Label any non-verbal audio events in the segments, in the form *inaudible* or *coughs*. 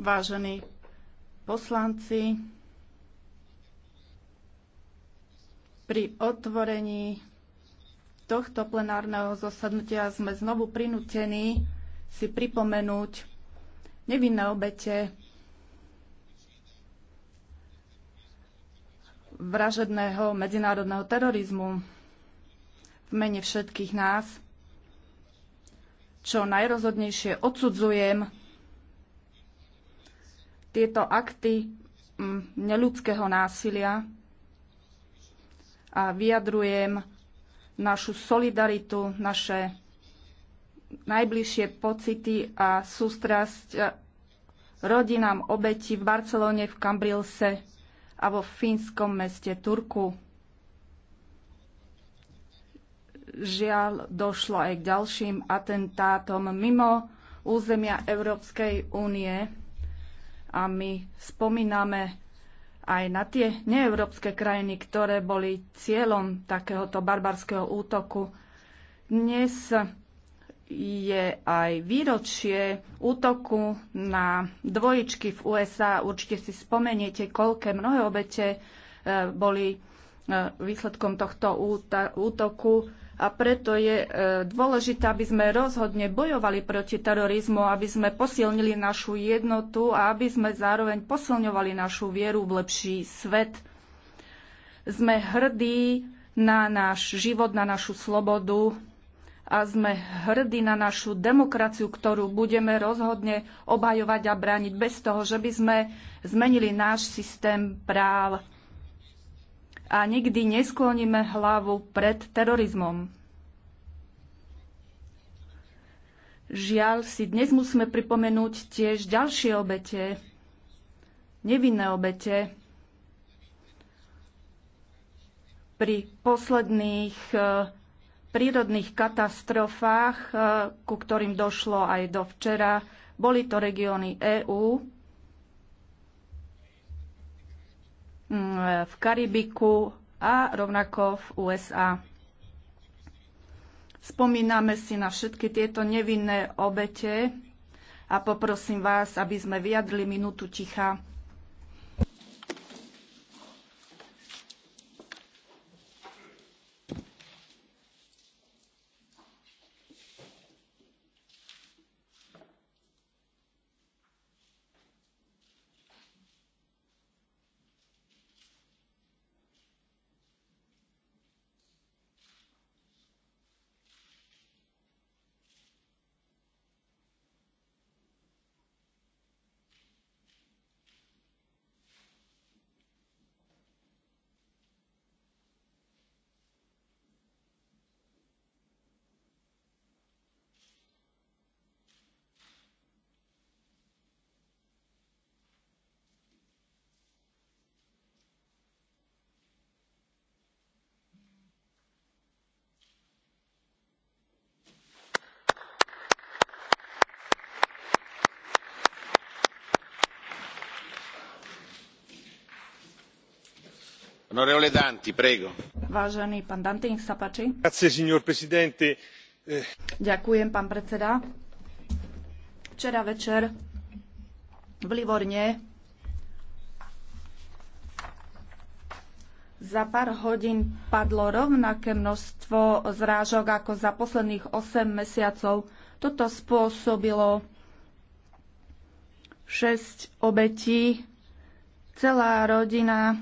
Vážení poslanci, pri otvorení tohto plenárneho zasadnutia sme znovu prinútení si pripomenúť nevinné obete vražedného medzinárodného terorizmu v mene všetkých nás – čo najrozhodnejšie odsudzujem tieto akty mm, neľudského násilia a vyjadrujem našu solidaritu, naše najbližšie pocity a sústrasť rodinám obeti v Barcelone, v Kambrilse a vo fínskom meste Turku. Žiaľ, došlo aj k ďalším atentátom mimo územia Európskej únie a my spomíname aj na tie neeurópske krajiny, ktoré boli cieľom takéhoto barbarského útoku. Dnes je aj výročie útoku na dvojičky v USA. Určite si spomeniete, koľké mnohé obete eh, boli eh, výsledkom tohto útoku a preto je e, dôležité, aby sme rozhodne bojovali proti terorizmu, aby sme posilnili našu jednotu a aby sme zároveň posilňovali našu vieru v lepší svet. Sme hrdí na náš život, na našu slobodu a sme hrdí na našu demokraciu, ktorú budeme rozhodne obhajovať a brániť bez toho, že by sme zmenili náš systém práv a nikdy neskloníme hlavu pred terorizmom. Žiaľ si dnes musíme pripomenúť tiež ďalšie obete, nevinné obete. Pri posledných eh, prírodných katastrofách, eh, ku ktorým došlo aj do včera, boli to regióny EÚ, v Karibiku a rovnako v USA. Spomíname si na všetky tieto nevinné obete a poprosím vás, aby sme vyjadli minútu ticha. signor presidente onorevoli colleghi Ďakujem, pán predseda. Včera večer v Livorne za pár hodín padlo rovnaké množstvo zrážok ako za posledných 8 mesiacov. Toto spôsobilo šesť obetí. Celá rodina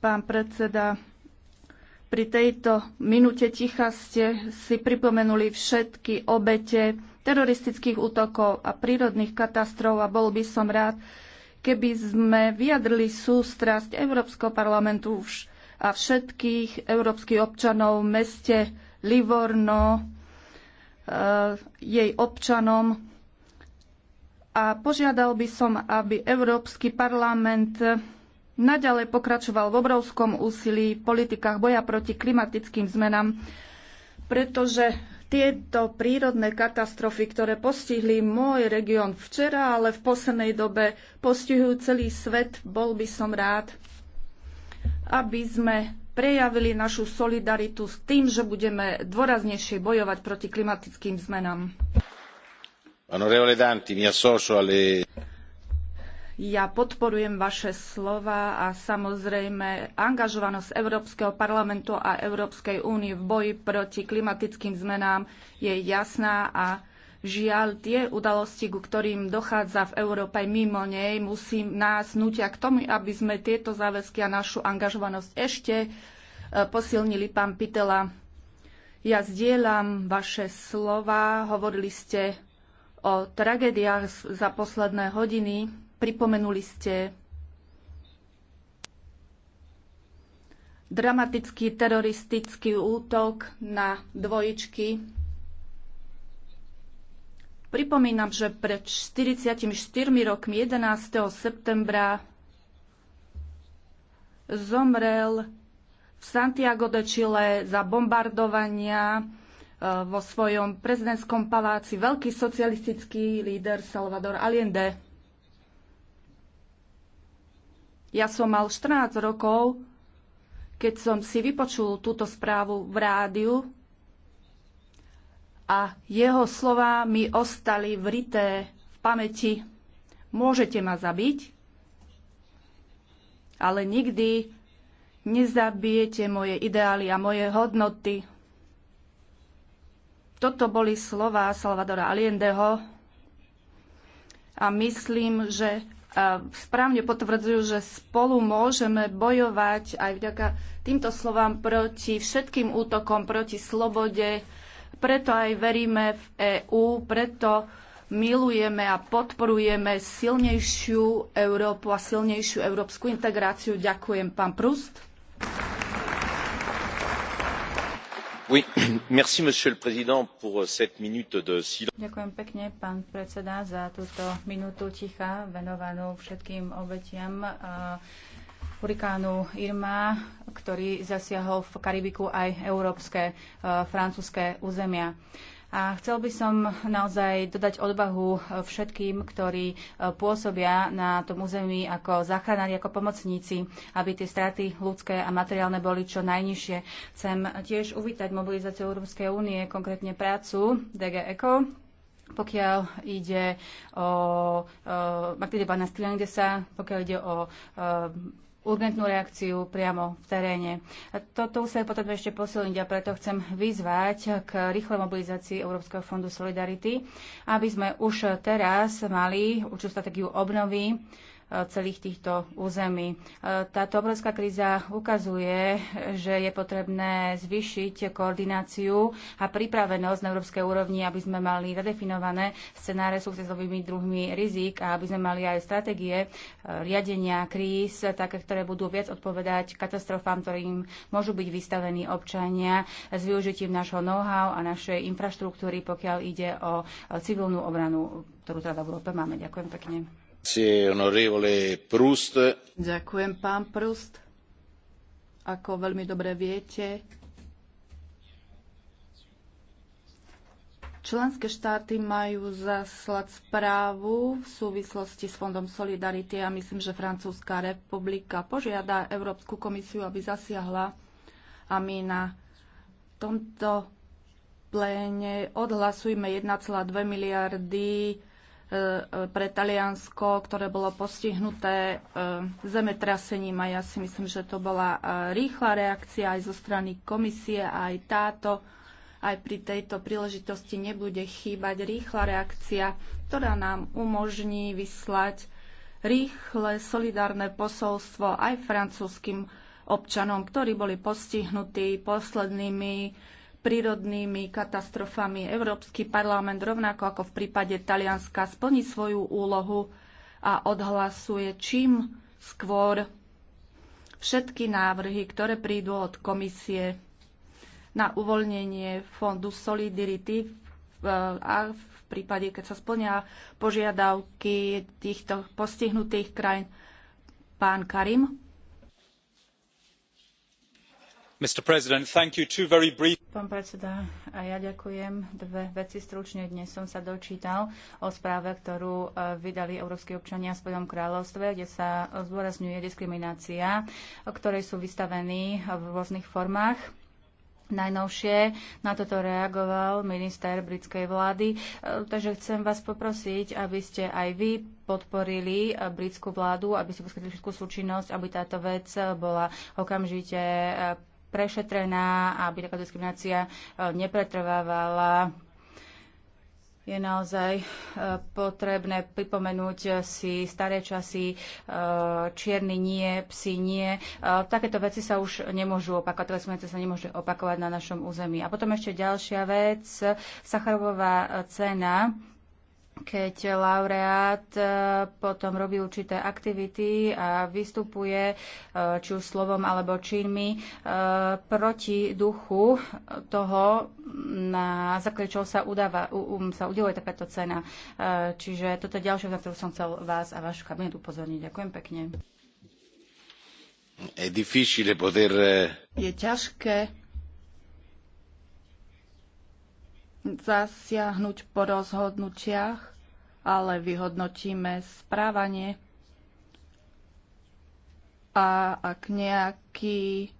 Pán predseda, pri tejto minúte ticha ste si pripomenuli všetky obete teroristických útokov a prírodných katastrof a bol by som rád, keby sme vyjadrili sústrasť Európskeho parlamentu a všetkých európskych občanov v meste Livorno, e, jej občanom. A požiadal by som, aby Európsky parlament naďalej pokračoval v obrovskom úsilí v politikách boja proti klimatickým zmenám, pretože tieto prírodné katastrofy, ktoré postihli môj región včera, ale v poslednej dobe postihujú celý svet, bol by som rád, aby sme prejavili našu solidaritu s tým, že budeme dôraznejšie bojovať proti klimatickým zmenám. Onorevole Danti, mi associo alle ja podporujem vaše slova a samozrejme angažovanosť Európskeho parlamentu a Európskej únie v boji proti klimatickým zmenám je jasná a žiaľ tie udalosti, ku ktorým dochádza v Európe mimo nej, musí nás nutia k tomu, aby sme tieto záväzky a našu angažovanosť ešte e, posilnili. Pán Pitela, ja zdieľam vaše slova, hovorili ste o tragédiách za posledné hodiny Pripomenuli ste dramatický teroristický útok na dvojičky. Pripomínam, že pred 44 rokmi 11. septembra zomrel v Santiago de Chile za bombardovania e, vo svojom prezidentskom paláci veľký socialistický líder Salvador Allende. Ja som mal 14 rokov, keď som si vypočul túto správu v rádiu a jeho slova mi ostali vrité v pamäti. Môžete ma zabiť, ale nikdy nezabijete moje ideály a moje hodnoty. Toto boli slova Salvadora Allendeho a myslím, že správne potvrdzujú, že spolu môžeme bojovať aj vďaka týmto slovám proti všetkým útokom, proti slobode. Preto aj veríme v EÚ, preto milujeme a podporujeme silnejšiu Európu a silnejšiu európsku integráciu. Ďakujem, pán Prust. *coughs* Euh, ďakujem pekne pán predseda za túto minútu ticha venovanú všetkým obetiam hurikánu irma ktorý zasiahol v karibiku aj európske francúzske územia. A chcel by som naozaj dodať odvahu eh, všetkým, ktorí eh, pôsobia na tom území ako záchranári, ako pomocníci, aby tie straty ľudské a materiálne boli čo najnižšie. Chcem tiež uvítať mobilizáciu Európskej únie, konkrétne prácu DG ECO, pokiaľ ide o, o eh, Martine Bana Stilendesa, pokiaľ ide o, o urgentnú reakciu priamo v teréne. A toto je potrebné ešte posilniť a preto chcem vyzvať k rýchlej mobilizácii Európskeho fondu Solidarity, aby sme už teraz mali určitú strategiu obnovy celých týchto území. E, táto obrovská kríza ukazuje, že je potrebné zvýšiť koordináciu a pripravenosť na európskej úrovni, aby sme mali zadefinované scenáre sú s druhmi rizik a aby sme mali aj stratégie e, riadenia kríz, také, ktoré budú viac odpovedať katastrofám, ktorým môžu byť vystavení občania s využitím nášho know-how a našej infraštruktúry, pokiaľ ide o e, civilnú obranu, ktorú teda v Európe máme. Ďakujem pekne. Ďakujem, pán Proust. Ako veľmi dobre viete, Členské štáty majú zaslať správu v súvislosti s Fondom Solidarity a myslím, že Francúzska republika požiada Európsku komisiu, aby zasiahla a my na tomto pléne odhlasujme 1,2 miliardy E, pre Taliansko, ktoré bolo postihnuté e, zemetrasením a ja si myslím, že to bola e, rýchla reakcia aj zo strany komisie a aj táto aj pri tejto príležitosti nebude chýbať rýchla reakcia, ktorá nám umožní vyslať rýchle solidárne posolstvo aj francúzským občanom, ktorí boli postihnutí poslednými prírodnými katastrofami. Európsky parlament rovnako ako v prípade Talianska splní svoju úlohu a odhlasuje čím skôr všetky návrhy, ktoré prídu od komisie na uvoľnenie fondu Solidarity e, a v prípade, keď sa splnia požiadavky týchto postihnutých krajín. Pán Karim. Pán predseda, aj ja ďakujem. Dve veci stručne. Dnes som sa dočítal o správe, ktorú e, vydali európsky občania v svojom kráľovstve, kde sa zdôrazňuje diskriminácia, ktorej sú vystavení v rôznych formách. Najnovšie na toto reagoval minister britskej vlády, e, takže chcem vás poprosiť, aby ste aj vy podporili e, britskú vládu, aby ste poskytli všetkú súčinnosť, aby táto vec bola okamžite prešetrená, aby taká diskriminácia e, nepretrvávala. Je naozaj e, potrebné pripomenúť si staré časy, e, čierny nie, psi nie. Takéto veci sa už nemôžu opakovať, taká diskriminácia sa nemôže opakovať na našom území. A potom ešte ďalšia vec, Sacharovová cena keď laureát e, potom robí určité aktivity a vystupuje e, či už slovom alebo činmi e, proti duchu toho, na základe čoho sa, udáva, um, sa udeluje takáto cena. Čiže toto je ďalšia, na ktorú som chcel vás a váš kabinet upozorniť. Ďakujem pekne. Eh, je ťažké zasiahnuť po rozhodnutiach, ale vyhodnotíme správanie a ak nejaký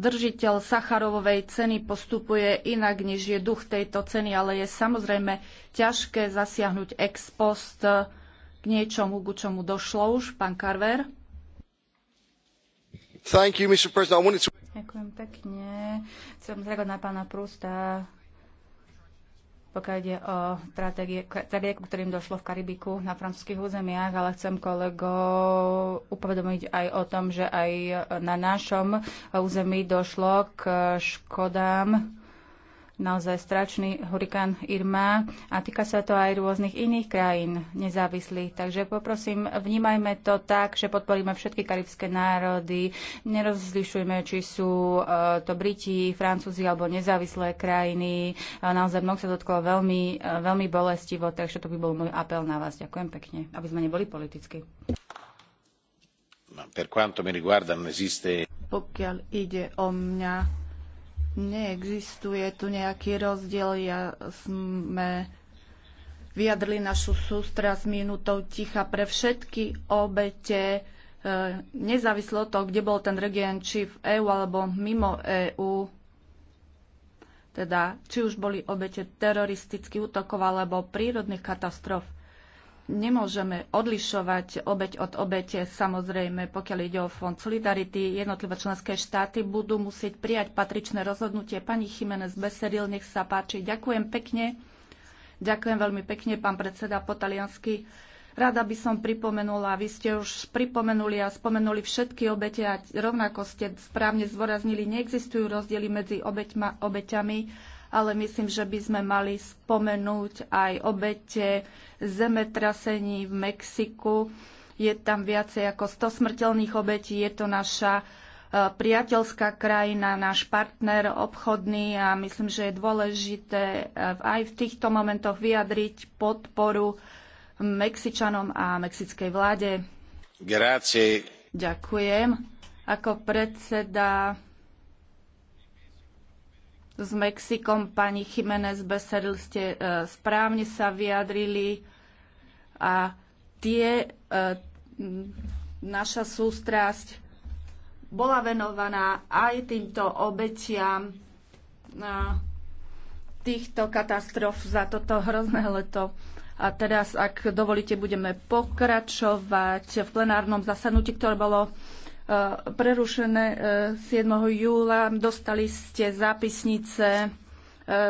držiteľ Sacharovovej ceny postupuje inak, než je duch tejto ceny, ale je samozrejme ťažké zasiahnuť ex post k niečomu, ku čomu došlo už, pán Carver. You, to... Ďakujem pekne. Chcem zreagovať na pána Prusta, pokiaľ ide o tragédie, ktorým došlo v Karibiku na francúzských územiach, ale chcem kolegov upovedomiť aj o tom, že aj na našom území došlo k škodám naozaj stračný hurikán Irma a týka sa to aj rôznych iných krajín nezávislých. Takže poprosím, vnímajme to tak, že podporíme všetky karibské národy, nerozlišujme, či sú e, to Briti, Francúzi alebo nezávislé krajiny. E, naozaj mnoho sa dotklo veľmi, e, veľmi bolestivo, takže to by bol môj apel na vás. Ďakujem pekne, aby sme neboli politicky. Per quanto mi riguarda, non esiste... Pokiaľ ide o mňa, Neexistuje tu nejaký rozdiel. Ja sme vyjadrili našu sústra s minútou ticha pre všetky obete, e, nezávislo to, toho, kde bol ten region, či v EÚ alebo mimo EÚ. Teda, či už boli obete teroristických útokov alebo prírodných katastrof nemôžeme odlišovať obeď od obete. Samozrejme, pokiaľ ide o Fond Solidarity, jednotlivé členské štáty budú musieť prijať patričné rozhodnutie. Pani Chimenez Beseril, nech sa páči. Ďakujem pekne. Ďakujem veľmi pekne, pán predseda potaliansky. Rada by som pripomenula, vy ste už pripomenuli a spomenuli všetky obete a rovnako ste správne zvoraznili, neexistujú rozdiely medzi obeťma, obeťami ale myslím, že by sme mali spomenúť aj obete zemetrasení v Mexiku. Je tam viacej ako 100 smrteľných obetí. Je to naša e, priateľská krajina, náš partner obchodný a myslím, že je dôležité e, aj v týchto momentoch vyjadriť podporu Mexičanom a mexickej vláde. Grazie. Ďakujem. Ako predseda s Mexikom. Pani Jiménez Besedl ste e, správne sa vyjadrili a tie e, naša sústrasť bola venovaná aj týmto obetiam na e, týchto katastrof za toto hrozné leto. A teraz, ak dovolíte, budeme pokračovať v plenárnom zasadnutí, ktoré bolo E, prerušené 7. E, júla. Dostali ste zápisnice e,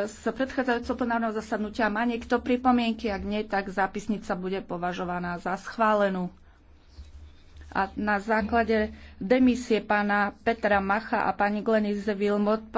z predchádzajúceho plenárneho zasadnutia. Má niekto pripomienky? Ak nie, tak zápisnica bude považovaná za schválenú. A na základe demisie pána Petra Macha a pani Glenise Wilmot